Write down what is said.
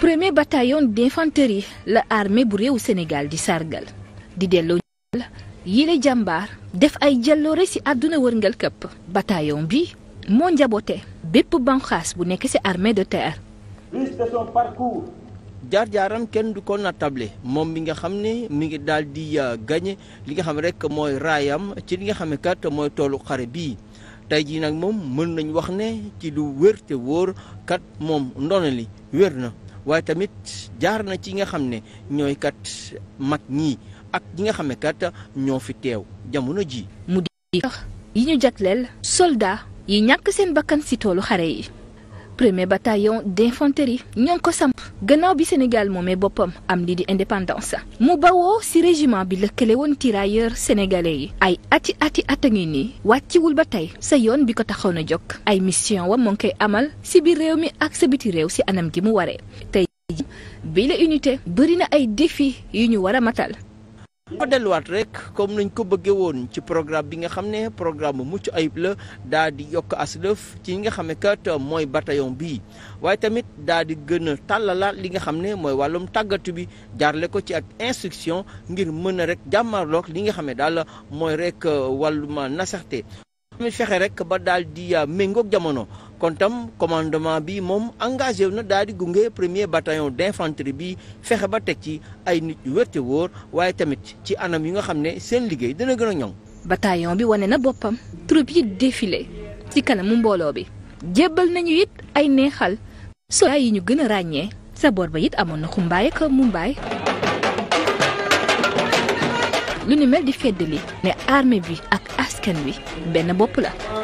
premier bataillon d'infanterie la armée bu réewu Sénégal di sargal di delloo yile jàmbaar def ay jàlloore ci àdduna wërngal këpp bataillon bi moo njaboote bépp banqaas bu nekk ci armée de terre. jaar-jaaram kenn du ko nattable moom mi nga xam ne mi ngi daal di euh, gagné li nga xam rek mooy raayam ci li nga xam ne kat mooy toolu xare bii tey jii nag moom mën nañ wax ne ci lu wér te wóor kat moom ndono li wér na. waaye tamit jaar na ci nga xam ne ñooy kat mag ñii ak ñi nga xam kat ñoo fi teew jamono ji mu di yi ñu jagleel soldat yi ñàkk seen bakkan si toolu xare yi premier bataillon d'infanterie ñoo ngi ko samp gannaaw bi Sénégal moomee boppam am lii di indépendance mu bawoo ci régiment bi lëkkale woon tirailleurs sénégalais yi ay ati ati at a ngi nii wàcciwul ba tey sa yoon bi ko taxaw na jóg ay mission wa moo ngi koy amal si biir réew mi ak sa biti réew ci anam gi mu waree tey bi la unité bëri na ay défi yu ñu war a matal ko delluwaat rek comme nañ ko bëggee woon ci programme bi nga xam ne programme bu mucc ayib la daal di yokk aslëf ci yi nga xam ne kat mooy bataillon bii waaye tamit daal di gën a tàllalaat li nga xam ne mooy wàllum tàggatu bi jaarle ko ci ak instruction ngir mën a rek jàmmarloog li nga xam ne daal mooy rek euh, wàlluma nasaxte tamit fexe rek ba daal di euh, méngoog jamono kon tam commandement bi moom engagé wu na daal di gunge premier bataillon d'infanterie bi fexe ba teg ci ay nit yu wóor waaye tamit ci anam yi nga xam ne seen liggéey dina gën a ñoŋ. bataillon bi wane na boppam troupe yi défilé ci kanamu mbooloo bi jébbal nañu it ay neexal. soraay yi ñu gën a ràññee sa boor ba it amoon na xumbaay ak mumbaay lu ni mel di feddali ne armée bi ak askan wi benn bopp la